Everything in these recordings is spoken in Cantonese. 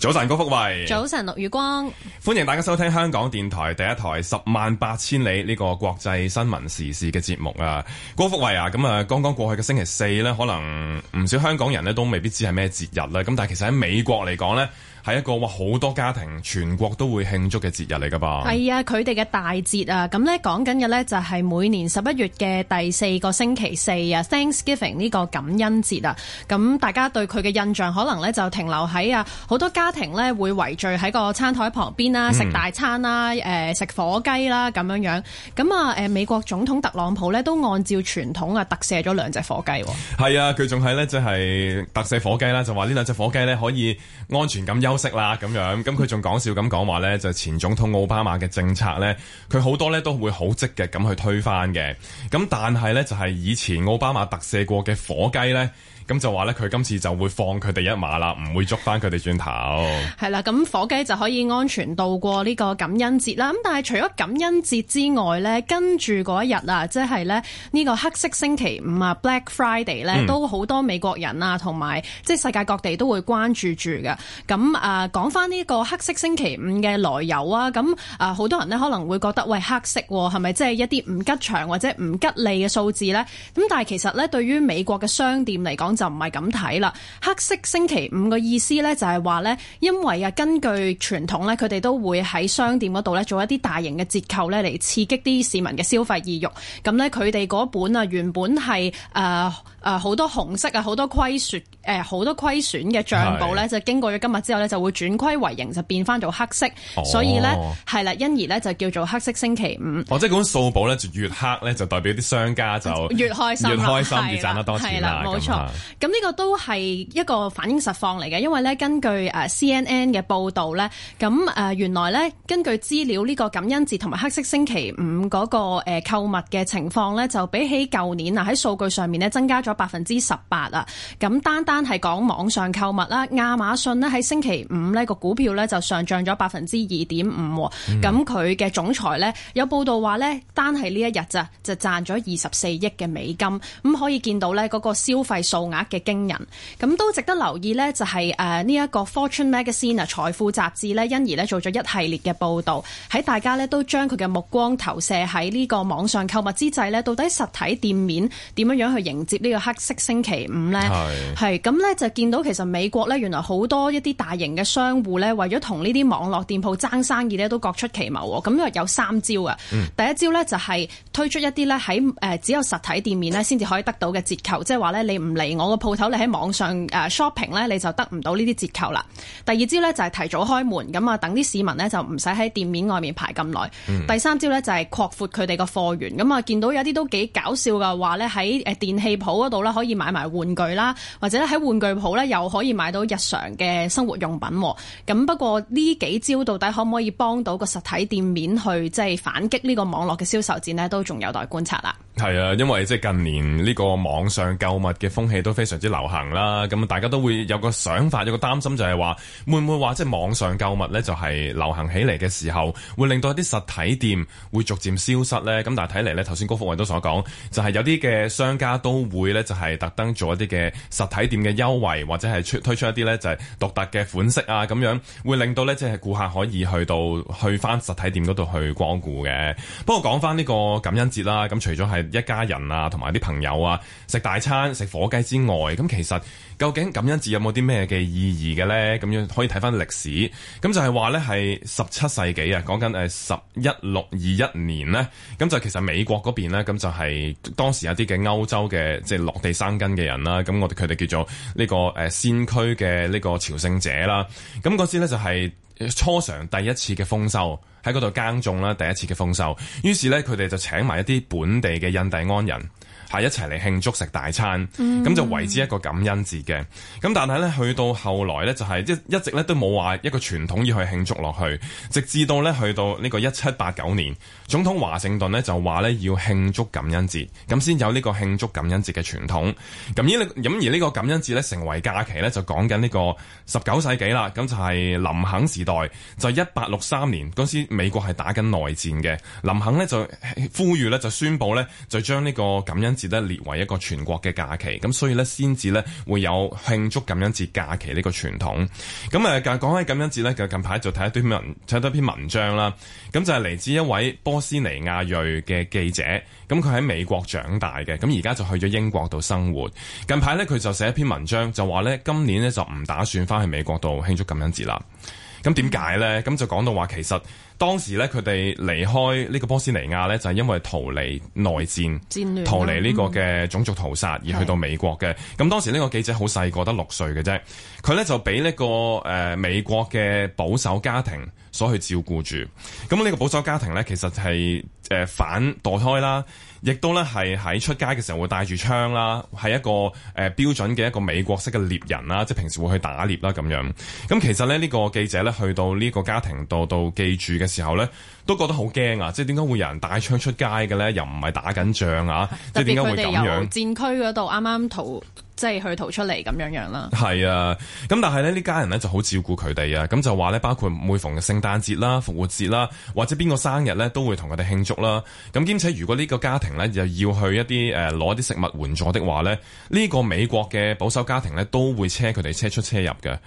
早晨，高福慧。早晨，陸雨光。歡迎大家收聽香港電台第一台《十萬八千里》呢個國際新聞時事嘅節目啊，郭福偉啊，咁啊，剛剛過去嘅星期四咧，可能唔少香港人咧都未必知係咩節日啦，咁但係其實喺美國嚟講咧，係一個哇好多家庭全國都會慶祝嘅節日嚟噶噃。係啊，佢哋嘅大節啊，咁咧講緊嘅咧就係每年十一月嘅第四個星期四啊，Thanksgiving 呢個感恩節啊，咁大家對佢嘅印象可能咧就停留喺啊，好多家庭咧會圍聚喺個餐台旁邊。啦，食大餐啦，誒，嗯、食火雞啦，咁樣樣，咁啊，誒，美國總統特朗普咧，都按照傳統啊，特赦咗兩隻火雞。係啊，佢仲係咧，即係特赦火雞啦，就話呢兩隻火雞咧可以安全咁休息啦，咁樣，咁佢仲講笑咁講話咧，就係，前總統奧巴馬嘅政策咧，佢好多咧都會好積極咁去推翻嘅，咁但係咧就係以前奧巴馬特赦過嘅火雞咧。咁就話咧，佢今次就會放佢哋一馬啦，唔會捉翻佢哋轉頭。係啦，咁火雞就可以安全度過呢個感恩節啦。咁但係除咗感恩節之外咧，跟住嗰一日啊，即係咧呢個黑色星期五啊 （Black Friday） 咧，嗯，都好多美國人啊，同埋即係世界各地都會關注住嘅。咁啊，講翻呢個黑色星期五嘅來由啊，咁啊，好多人呢可能會覺得喂黑色係咪即係一啲唔吉祥或者唔吉利嘅數字咧？咁但係其實咧，對於美國嘅商店嚟講，就唔係咁睇啦。黑色星期五嘅意思咧，就係話咧，因為啊，根據傳統咧，佢哋都會喺商店嗰度咧做一啲大型嘅折扣咧，嚟刺激啲市民嘅消費意欲。咁咧，佢哋嗰本啊，原本係誒誒好多紅色啊，好多虧損。誒好多虧損嘅帳簿咧，就經過咗今日之後咧，就會轉虧為盈，就變翻做黑色。哦、所以咧，係啦，因而咧就叫做黑色星期五。我即係嗰種數簿呢，就越黑咧就代表啲商家就越開心，越開心，越賺得多，係啦，冇錯。咁呢個都係一個反映實況嚟嘅，因為咧根據 CNN 嘅報道咧，咁誒、呃、原來咧根據資料呢個感恩節同埋黑色星期五嗰、那個誒、呃、購物嘅情況咧，就比起舊年啊喺數據上面咧增加咗百分之十八啊，咁單單。係講網上購物啦，亞馬遜咧喺星期五咧個股票咧就上漲咗百分之二點五，咁佢嘅總裁呢有報道話呢單係呢一日咋就賺咗二十四億嘅美金，咁可以見到呢嗰個消費數額嘅驚人，咁都值得留意呢就係誒呢一個 Fortune Magazine 財富雜誌呢，因而呢做咗一系列嘅報道，喺大家呢都將佢嘅目光投射喺呢個網上購物之際呢，到底實體店面點樣樣去迎接呢個黑色星期五呢？係？咁咧就見到其實美國咧原來好多一啲大型嘅商戶咧，為咗同呢啲網絡店鋪爭生意咧，都各出奇謀喎。咁因為有三招啊：嗯、第一招咧就係推出一啲咧喺誒只有實體店面咧先至可以得到嘅折扣，即係話咧你唔嚟我個鋪頭，你喺網上誒 shopping 咧你就得唔到呢啲折扣啦。第二招咧就係提早開門，咁啊等啲市民咧就唔使喺店面外面排咁耐。嗯、第三招咧就係擴闊佢哋個貨源。咁啊見到有啲都幾搞笑嘅話咧，喺電器鋪嗰度啦，可以買埋玩具啦，或者喺玩具鋪咧，又可以買到日常嘅生活用品。咁不過呢幾招到底可唔可以幫到個實體店面去即係反擊呢個網絡嘅銷售戰呢？都仲有待觀察啦。係啊，因為即係近年呢個網上購物嘅風氣都非常之流行啦。咁大家都會有個想法，有個擔心就是說，就係話會唔會話即係網上購物呢？就係流行起嚟嘅時候，會令到一啲實體店會逐漸消失呢？咁但係睇嚟呢，頭先高福雲都所講，就係、是、有啲嘅商家都會呢，就係特登做一啲嘅實體店。嘅優惠或者係出推出一啲咧就係、是、獨特嘅款式啊，咁樣會令到咧即係顧客可以去到去翻實體店嗰度去光顧嘅。不過講翻呢個感恩節啦，咁除咗係一家人啊，同埋啲朋友啊食大餐食火雞之外，咁其實究竟感恩節有冇啲咩嘅意義嘅咧？咁樣可以睇翻歷史，咁就係話咧係十七世紀啊，講緊誒十一六二一年咧，咁就其實美國嗰邊咧，咁就係當時有啲嘅歐洲嘅即係落地生根嘅人啦、啊，咁我哋佢哋叫做。呢個誒先驅嘅呢個朝聖者啦，咁嗰時呢就係初嘗第一次嘅豐收，喺嗰度耕種啦，第一次嘅豐收，於是呢，佢哋就請埋一啲本地嘅印第安人，係一齊嚟慶祝食大餐，咁就為之一個感恩節嘅。咁但係咧，去到後來咧，就係、是、一一直咧都冇話一個傳統要去慶祝落去，直至到咧去到呢個一七八九年，總統華盛頓呢就話咧要慶祝感恩節，咁先有呢個慶祝感恩節嘅傳統。咁而呢咁而呢個感恩節咧成為假期咧，就講緊呢個十九世紀啦。咁就係林肯時代，就一八六三年嗰時美國係打緊內戰嘅，林肯呢，就呼籲咧就宣佈咧就將呢個感恩節列為一個全國嘅假期，咁所以咧，先至咧會有慶祝感恩節假期呢個傳統。咁誒，講起感恩節咧，近排就睇一啲文睇到一篇文章啦。咁就係、是、嚟自一位波斯尼亞裔嘅記者，咁佢喺美國長大嘅，咁而家就去咗英國度生活。近排咧，佢就寫一篇文章，就話咧今年咧就唔打算翻去美國度慶祝感恩節啦。咁點解咧？咁就講到話，其實當時咧，佢哋離開呢個波斯尼亞咧，就係因為逃離內戰、戰亂逃離呢個嘅種族屠殺而去到美國嘅。咁、嗯、當時呢個記者好細個，得六歲嘅啫。佢咧就俾呢個誒美國嘅保守家庭所去照顧住。咁、這、呢個保守家庭咧，其實係誒反墮胎啦。亦都咧係喺出街嘅時候會帶住槍啦，係一個誒標準嘅一個美國式嘅獵人啦，即係平時會去打獵啦咁樣。咁其實咧呢個記者咧去到呢個家庭度度記住嘅時候咧，都覺得好驚啊！即係點解會有人帶槍出街嘅咧？又唔係打緊仗特別 啊？特別即係點解會咁樣？佢哋由戰區嗰度啱啱逃。即係去逃出嚟咁樣樣啦，係啊！咁但係咧，呢家人咧就好照顧佢哋啊！咁就話咧，包括每逢嘅聖誕節啦、復活節啦，或者邊個生日咧，都會同佢哋慶祝啦。咁兼且如果呢個家庭咧又要去一啲誒攞啲食物援助的話咧，呢個美國嘅保守家庭咧都會車佢哋車出車入嘅。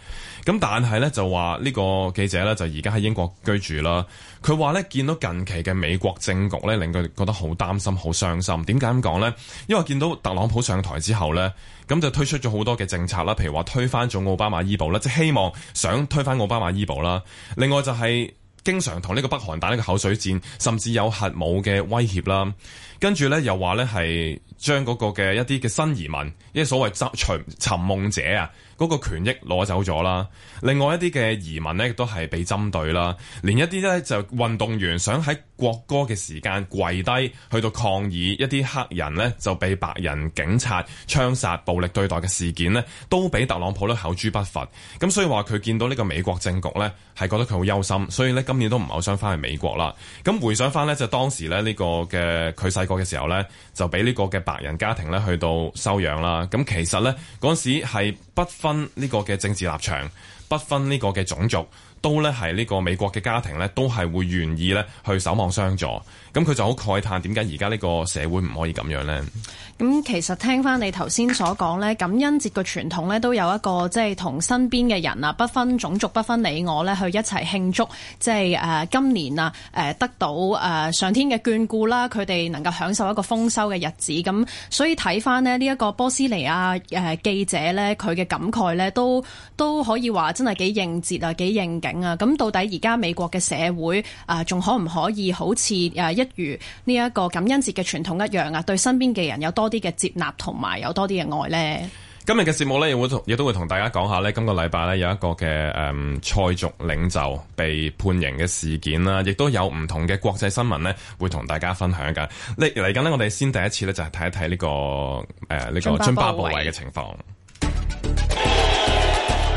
咁但係咧就話呢個記者咧就而家喺英國居住啦，佢話咧見到近期嘅美國政局咧令佢覺得好擔心、好傷心。點解咁講咧？因為見到特朗普上台之後咧。咁就推出咗好多嘅政策啦，譬如話推翻咗奧巴馬醫保啦，即係希望想推翻奧巴馬醫保啦。另外就係經常同呢個北韓打呢個口水戰，甚至有核武嘅威脅啦。跟住呢又話呢係將嗰個嘅一啲嘅新移民，一啲所謂執隨尋夢者啊。嗰個權益攞走咗啦，另外一啲嘅移民呢，亦都係被針對啦，連一啲呢，就運動員想喺國歌嘅時間跪低去到抗議，一啲黑人呢，就被白人警察槍殺暴力對待嘅事件呢，都俾特朗普呢口誅筆伐。咁所以話佢見到呢個美國政局呢，係覺得佢好憂心，所以呢，今年都唔係好想翻去美國啦。咁回想翻呢，就當時呢，呢、呢個嘅佢細個嘅時候呢，就俾呢個嘅白人家庭呢去到收養啦。咁其實呢，嗰陣時係不不分呢個嘅政治立場，不分呢個嘅種族。都咧係呢個美國嘅家庭咧，都係會願意咧去守望相助。咁佢就好慨嘆，點解而家呢個社會唔可以咁樣咧？咁其實聽翻你頭先所講咧，感恩節嘅傳統咧，都有一個即係同身邊嘅人啊，不分種族，不分你我咧，去一齊慶祝，即係誒今年啊誒得到誒上天嘅眷顧啦，佢哋能夠享受一個豐收嘅日子。咁所以睇翻咧呢一個波斯尼亞誒記者咧，佢嘅感慨咧，都都可以話真係幾應節啊，幾應景。啊！咁到底而家美國嘅社會啊，仲可唔可以好似誒，一如呢一個感恩節嘅傳統一樣啊？對身邊嘅人有多啲嘅接納，同埋有多啲嘅愛呢？今日嘅節目呢，亦會亦都會同大家講下呢今個禮拜呢，有一個嘅誒，塞、嗯、族領袖被判刑嘅事件啦，亦都有唔同嘅國際新聞呢，會同大家分享噶。嚟嚟緊呢，我哋先第一次呢、這個，就係睇一睇呢個誒，呢個津巴布韋嘅情況。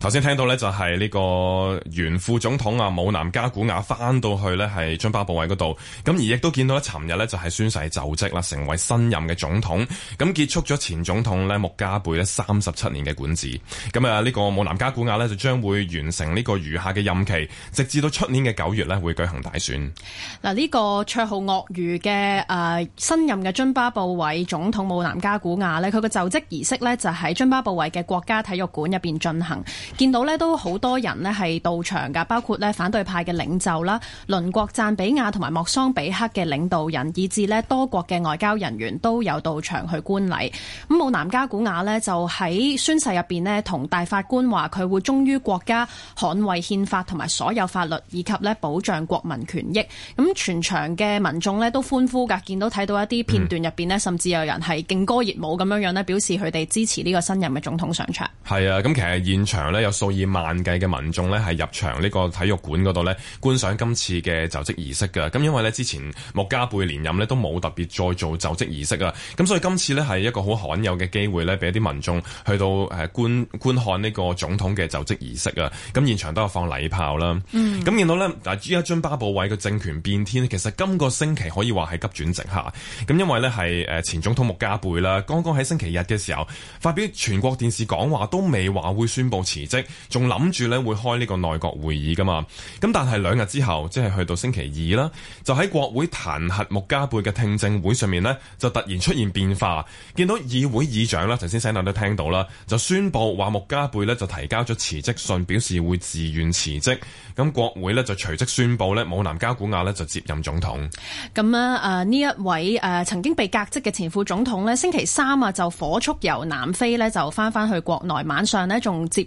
頭先聽到呢，就係呢個原副總統啊，武南加古雅翻到去呢，係津巴布韋嗰度。咁而亦都見到呢，尋日呢就係宣誓就職啦，成為新任嘅總統。咁結束咗前總統呢，穆加貝呢，三十七年嘅管治。咁、嗯、啊，呢、呢個武南加古雅呢，就將會完成呢個餘下嘅任期，直至到出年嘅九月呢，會舉行大選。嗱，呢個綽號鱷魚嘅誒新任嘅津巴布韋總統武南加古雅呢，佢個就職儀式呢，就喺、是、津巴布韋嘅國家體育館入邊進行。見到呢都好多人呢係到場㗎，包括呢反對派嘅領袖啦、鄰國贊比亞同埋莫桑比克嘅領導人，以至呢多國嘅外交人員都有到場去觀禮。咁姆南加古瓦呢就喺宣誓入面呢同大法官話佢會忠於國家、捍衛憲法同埋所有法律，以及呢保障國民權益。咁全場嘅民眾呢都歡呼㗎。見到睇到一啲片段入面呢，甚至有人係勁歌熱舞咁樣樣呢，表示佢哋支持呢個新任嘅總統上場。係啊，咁其實現場呢有數以萬計嘅民眾咧，係入場呢個體育館嗰度咧，觀賞今次嘅就職儀式嘅。咁因為咧，之前穆加貝連任咧都冇特別再做就職儀式啊。咁所以今次咧係一個好罕有嘅機會咧，俾一啲民眾去到誒觀觀看呢個總統嘅就職儀式啊。咁現場都有放禮炮啦。嗯。咁見到咧，嗱，朱卡津巴布維嘅政權變天其實今個星期可以話係急轉直下。咁因為呢係誒前總統穆加貝啦，剛剛喺星期日嘅時候發表全國電視講話，都未話會宣布辭職，仲諗住咧會開呢個內閣會議噶嘛？咁但係兩日之後，即係去到星期二啦，就喺國會彈劾穆加貝嘅聽證會上面呢，就突然出現變化。見到議會議長啦，陳先生都聽到啦，就宣布話穆加貝呢就提交咗辭職信，表示會自願辭職。咁國會呢就隨即宣布呢，姆南加古雅呢就接任總統。咁啊，誒、呃、呢一位誒、呃、曾經被革職嘅前副總統呢，星期三啊就火速由南非呢就翻翻去國內，晚上呢仲接。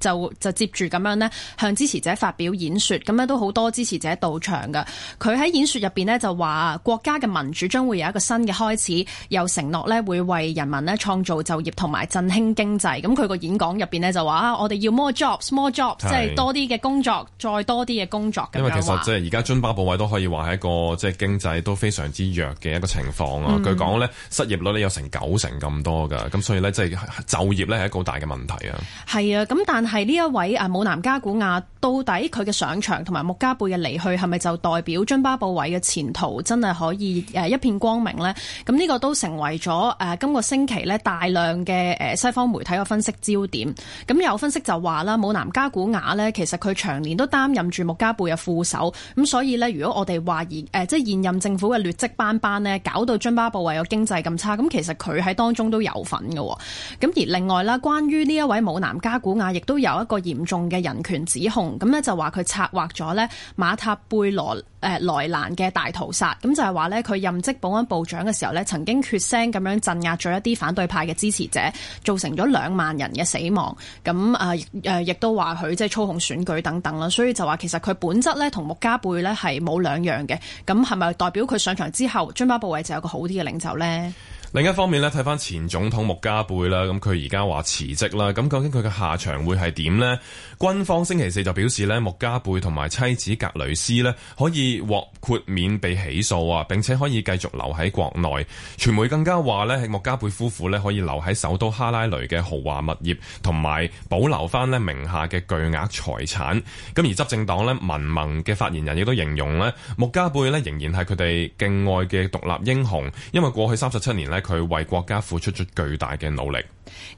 就就接住咁樣呢，向支持者發表演說，咁呢都好多支持者到場㗎。佢喺演說入面呢，就話，國家嘅民主將會有一個新嘅開始，又承諾呢會為人民呢創造就業同埋振興經濟。咁佢個演講入面呢，就話啊，我哋要 more jobs，more jobs，即係是多啲嘅工作，再多啲嘅工作。因為其實即係而家津巴布韋都可以話係一個即係經濟都非常之弱嘅一個情況啊。嗯、據講呢，失業率呢有成九成咁多㗎，咁所以呢，即係就業呢係一個好大嘅問題啊。係啊，咁但係呢一位啊，姆南加古瓦到底佢嘅上場同埋穆加貝嘅離去，係咪就代表津巴布韋嘅前途真係可以誒一片光明呢？咁呢個都成為咗誒今個星期呢大量嘅誒西方媒體嘅分析焦點。咁有分析就話啦，姆南加古瓦呢其實佢長年都擔任住穆加貝嘅副手，咁所以呢，如果我哋話而誒即係現任政府嘅劣跡斑斑呢，搞到津巴布韋嘅經濟咁差，咁其實佢喺當中都有份喎。咁而另外啦，關於呢一位姆南加古瓦，亦都。都有一個嚴重嘅人權指控，咁咧就話佢策劃咗咧馬塔貝羅誒萊蘭嘅大屠殺，咁就係話咧佢任職保安部長嘅時候咧，曾經血腥咁樣鎮壓咗一啲反對派嘅支持者，造成咗兩萬人嘅死亡，咁啊誒亦都話佢即係操控選舉等等啦，所以就話其實佢本質咧同穆加貝咧係冇兩樣嘅，咁係咪代表佢上場之後津巴布韋就有一個好啲嘅領袖咧？另一方面咧，睇翻前總統穆加貝啦，咁佢而家話辭職啦，咁究竟佢嘅下場會係點呢？軍方星期四就表示咧，穆加貝同埋妻子格雷斯咧可以獲豁免被起訴啊，並且可以繼續留喺國內。傳媒更加話咧，穆加貝夫婦咧可以留喺首都哈拉雷嘅豪華物業，同埋保留翻咧名下嘅巨額財產。咁而執政黨咧民盟嘅發言人亦都形容咧，穆加貝咧仍然係佢哋敬愛嘅獨立英雄，因為過去三十七年咧，佢為國家付出咗巨大嘅努力，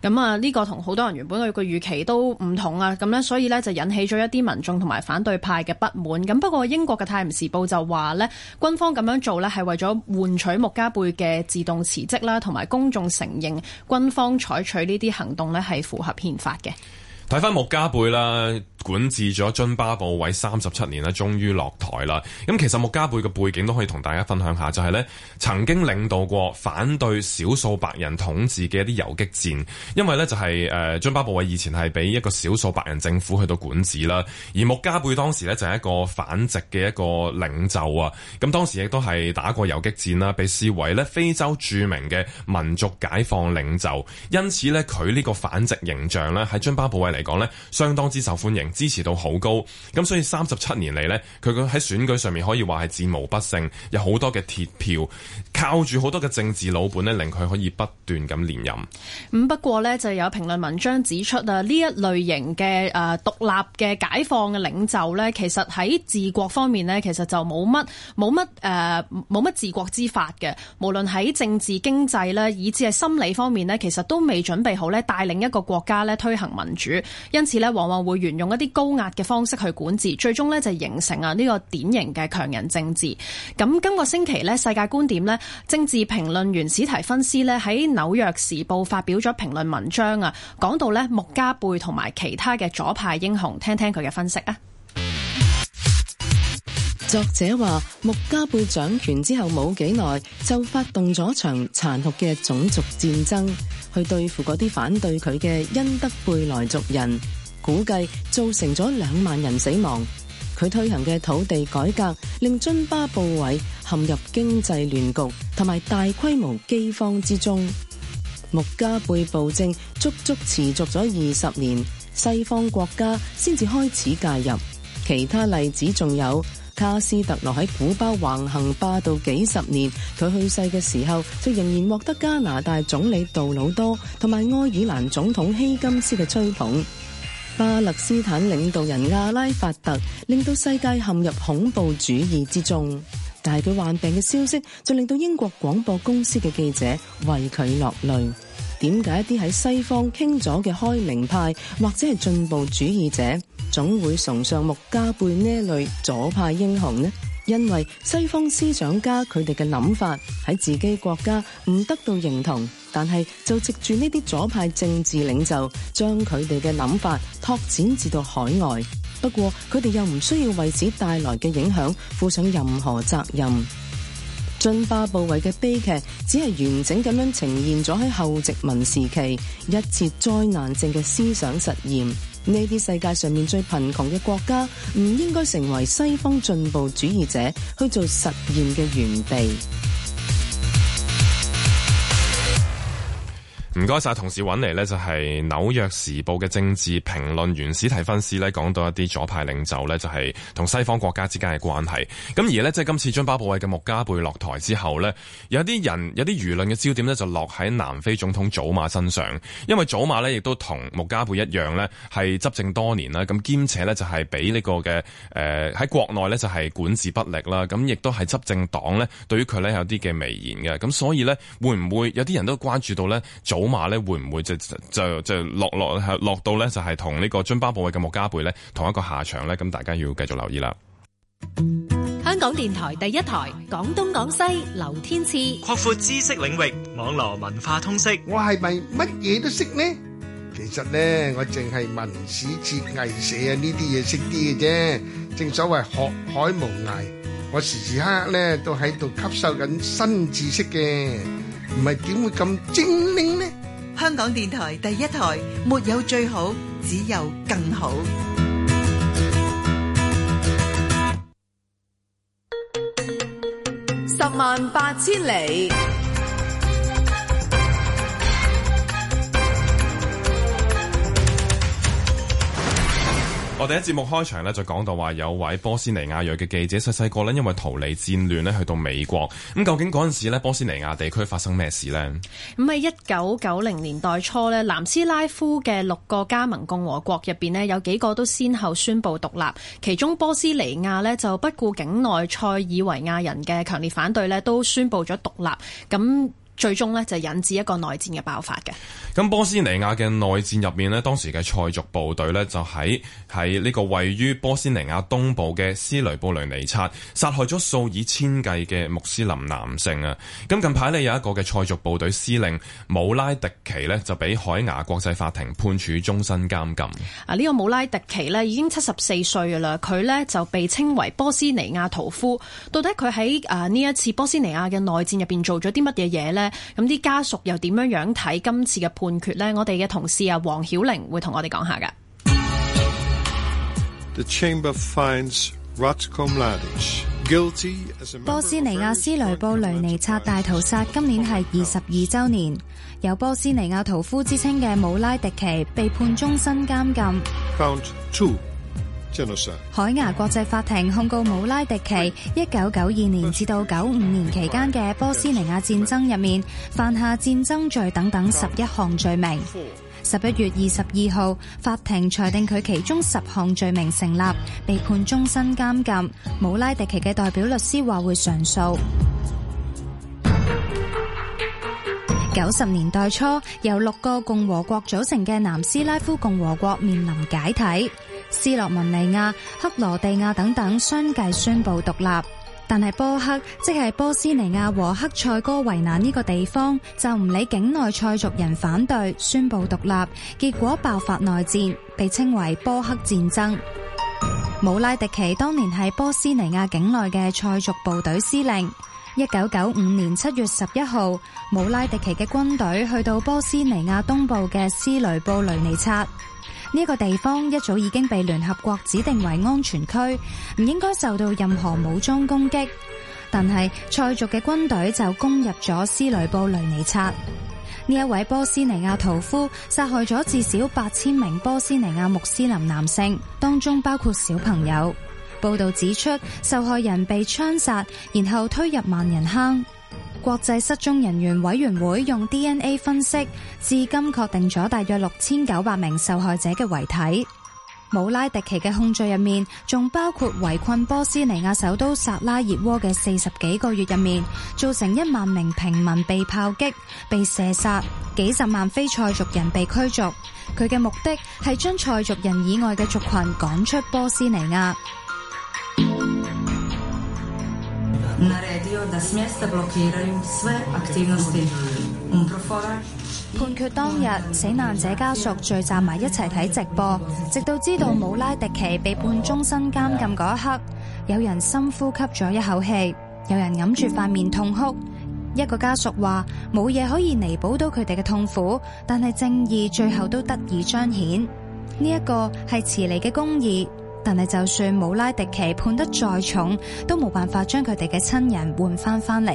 咁啊呢個同好多人原本嘅個預期都唔同啊，咁呢，所以呢，就引起咗一啲民眾同埋反對派嘅不滿，咁不過英國嘅《泰晤士報》就話呢，軍方咁樣做呢，係為咗換取穆加貝嘅自動辭職啦，同埋公眾承認軍方採取呢啲行動呢係符合憲法嘅。睇翻穆加貝啦，管治咗津巴布韋三十七年啦，終於落台啦。咁其實穆加貝嘅背景都可以同大家分享下，就係咧曾經領導過反對少數白人統治嘅一啲游擊戰，因為咧就係誒津巴布韋以前係俾一個少數白人政府去到管治啦，而穆加貝當時咧就係一個反殖嘅一個領袖啊。咁當時亦都係打過游擊戰啦，被視為咧非洲著名嘅民族解放領袖，因此咧佢呢個反殖形象咧喺津巴布韋嚟講咧相當之受歡迎。支持度好高，咁所以三十七年嚟咧，佢個喺選舉上面可以話係戰無不勝，有好多嘅鐵票，靠住好多嘅政治老本咧，令佢可以不斷咁連任。咁、嗯、不過咧，就有評論文章指出啊，呢一類型嘅誒獨立嘅解放嘅領袖咧，其實喺治國方面咧，其實就冇乜冇乜誒冇乜治國之法嘅，無論喺政治經濟咧，以至係心理方面咧，其實都未準備好咧帶領一個國家咧推行民主，因此咧往往會沿用一啲高壓嘅方式去管治，最終咧就形成啊呢個典型嘅強人政治。咁、這、今個星期咧，世界觀點咧，政治評論員史提芬斯咧喺紐約時報發表咗評論文章啊，講到咧穆加貝同埋其他嘅左派英雄，聽聽佢嘅分析啊。作者話穆加貝掌權之後冇幾耐，就發動咗場殘酷嘅種族戰爭，去對付嗰啲反對佢嘅恩德貝萊族人。估計造成咗兩萬人死亡。佢推行嘅土地改革令津巴布韋陷入經濟亂局，同埋大規模饑荒之中。穆加貝暴政足足持續咗二十年，西方國家先至開始介入。其他例子仲有卡斯特羅喺古巴橫行霸道幾十年，佢去世嘅時候，就仍然獲得加拿大總理杜魯多同埋愛爾蘭總統希金斯嘅吹捧。巴勒斯坦領導人阿拉法特令到世界陷入恐怖主義之中，但係佢患病嘅消息就令到英國廣播公司嘅記者為佢落淚，點解一啲喺西方傾咗嘅開明派或者係進步主義者，總會崇尚穆加貝呢一類左派英雄呢？因為西方思想家佢哋嘅諗法喺自己國家唔得到認同。但係就藉住呢啲左派政治領袖，將佢哋嘅諗法拓展至到海外。不過佢哋又唔需要為此帶來嘅影響負上任何責任。津巴布韋嘅悲劇，只係完整咁樣呈現咗喺後殖民時期一切災難性嘅思想實驗。呢啲世界上面最貧窮嘅國家，唔應該成為西方進步主義者去做實驗嘅原地。唔該曬，謝謝，同時揾嚟呢就係《紐約時報》嘅政治評論員史提芬斯呢，講到一啲左派領袖呢，就係同西方國家之間嘅關係。咁而呢，即係今次津巴布韋嘅穆加貝落台之後呢，有啲人有啲輿論嘅焦點呢，就落喺南非總統祖馬身上，因為祖馬呢，亦都同穆加貝一樣呢，係執政多年啦。咁兼且呢、這個，呃、就係俾呢個嘅誒喺國內呢，就係管治不力啦。咁亦都係執政黨呢，對於佢呢，有啲嘅微言嘅。咁所以呢，會唔會有啲人都關注到呢祖馬咧會唔會就就就，就落落落到咧就係同呢個津巴布韋嘅莫加貝咧同一個下場咧？咁大家要繼續留意啦。香港電台第一台，廣東廣西，劉天賜，擴闊知識領域，網絡文化通識。我係咪乜嘢都識呢？其實咧，我淨係文史哲藝社啊呢啲嘢識啲嘅啫。正所謂學海無涯，我時時刻刻咧都喺度吸收緊新知識嘅。唔係點會咁精靈呢？香港電台第一台，沒有最好，只有更好。十萬八千里。我哋一節目開場呢，就講到話有位波斯尼亞裔嘅記者，細細個呢，因為逃離戰亂呢去到美國。咁究竟嗰陣時呢波斯尼亞地區發生咩事呢？咁喺一九九零年代初呢，南斯拉夫嘅六個加盟共和國入邊呢，有幾個都先後宣布獨立，其中波斯尼亞呢就不顧境內塞爾維亞人嘅強烈反對呢都宣布咗獨立。咁最終咧就引致一個內戰嘅爆發嘅。咁波斯尼亞嘅內戰入面咧，當時嘅塞族部隊咧就喺喺呢個位於波斯尼亞東部嘅斯雷布雷尼察，殺害咗數以千計嘅穆斯林男性啊！咁近排咧有一個嘅塞族部隊司令姆拉迪奇咧就俾海牙國際法庭判處終身監禁。啊，呢個姆拉迪奇咧已經七十四歲㗎啦，佢咧就被稱為波斯尼亞屠夫。到底佢喺啊呢一次波斯尼亞嘅內戰入邊做咗啲乜嘢嘢咧？咁啲家屬又點樣樣睇今次嘅判決呢？我哋嘅同事啊，黃曉玲會同我哋講下噶。波斯尼亞斯雷布雷尼察大屠殺今年係二十二周年，有波斯尼亞屠夫之稱嘅姆拉迪奇被判終身監禁。海牙國際法庭控告姆拉迪奇一九九二年至到九五年期間嘅波斯尼亞戰爭入面犯下戰爭罪等等十一項罪名。十一月二十二號，法庭裁定佢其中十項罪名成立，被判終身監禁。姆拉迪奇嘅代表律師話會上訴。九十年代初，由六個共和國組成嘅南斯拉夫共和國面臨解體。斯洛文尼亞、克羅地亞等等相繼宣布獨立，但係波克即係波斯尼亞和黑塞哥維那呢個地方就唔理境內塞族人反對宣佈獨立，結果爆發內戰，被稱為波克戰爭。姆拉迪奇當年係波斯尼亞境內嘅塞族部隊司令。一九九五年七月十一號，姆拉迪奇嘅軍隊去到波斯尼亞東部嘅斯雷布雷尼察。呢個地方一早已經被聯合國指定為安全區，唔應該受到任何武裝攻擊。但係塞族嘅軍隊就攻入咗斯雷布雷尼察。呢一位波斯尼亞屠夫殺害咗至少八千名波斯尼亞穆斯林男性，當中包括小朋友。報道指出，受害人被槍殺，然後推入萬人坑。國際失蹤人員委員會用 DNA 分析，至今確定咗大約六千九百名受害者嘅遺體。姆拉迪奇嘅控罪入面，仲包括圍困波斯尼亞首都薩拉熱窩嘅四十幾個月入面，造成一萬名平民被炮擊、被射殺，幾十萬非塞族人被驅逐。佢嘅目的係將塞族人以外嘅族群趕出波斯尼亞。判決當日，死難者家屬聚集埋一齊睇直播，直到知道姆拉迪奇被判終身監禁嗰一刻，有人深呼吸咗一口氣，有人揞住塊面痛哭。一個家屬話：冇嘢可以彌補到佢哋嘅痛苦，但係正義最後都得以彰顯。呢一個係遲嚟嘅公義。但係，就算姆拉迪奇判得再重，都冇辦法將佢哋嘅親人換翻翻嚟。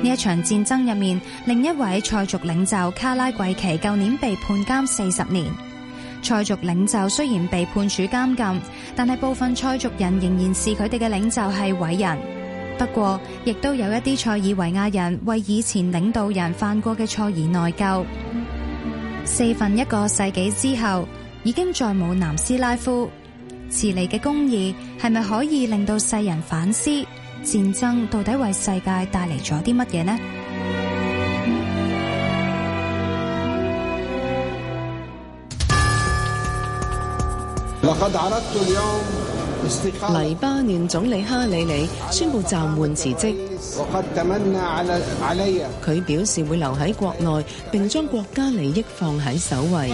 呢一場戰爭入面，另一位塞族領袖卡拉季奇舊年被判監四十年。塞族領袖雖然被判處監禁，但係部分塞族人仍然視佢哋嘅領袖係偉人。不過，亦都有一啲塞爾維亞人為以前領導人犯過嘅錯而內疚。四分一個世紀之後，已經再冇南斯拉夫，遲嚟嘅公義係咪可以令到世人反思戰爭到底為世界帶嚟咗啲乜嘢呢？黎巴嫩總理哈里里宣布暫緩辭職。佢表示會留喺國內，並將國家利益放喺首位。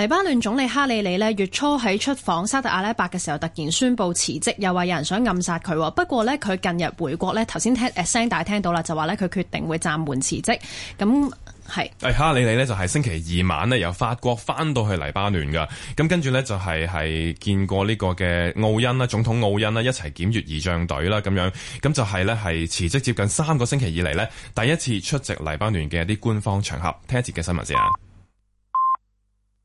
黎巴嫩總理哈利里呢月初喺出訪沙特阿拉伯嘅時候，突然宣布辭職，又話有人想暗殺佢。不過呢，佢近日回國呢，頭先聽、呃、聲帶聽到啦，就話呢，佢決定會暫緩辭職。咁係，誒、哎、哈利里呢，就係星期二晚呢由法國翻到去黎巴嫩噶。咁跟住呢，就係係見過呢個嘅奧恩啦，總統奧恩啦一齊檢閲儀仗隊啦咁樣。咁就係呢，係辭職接近三個星期以嚟呢，第一次出席黎巴嫩嘅一啲官方場合。聽一節嘅新聞先啊！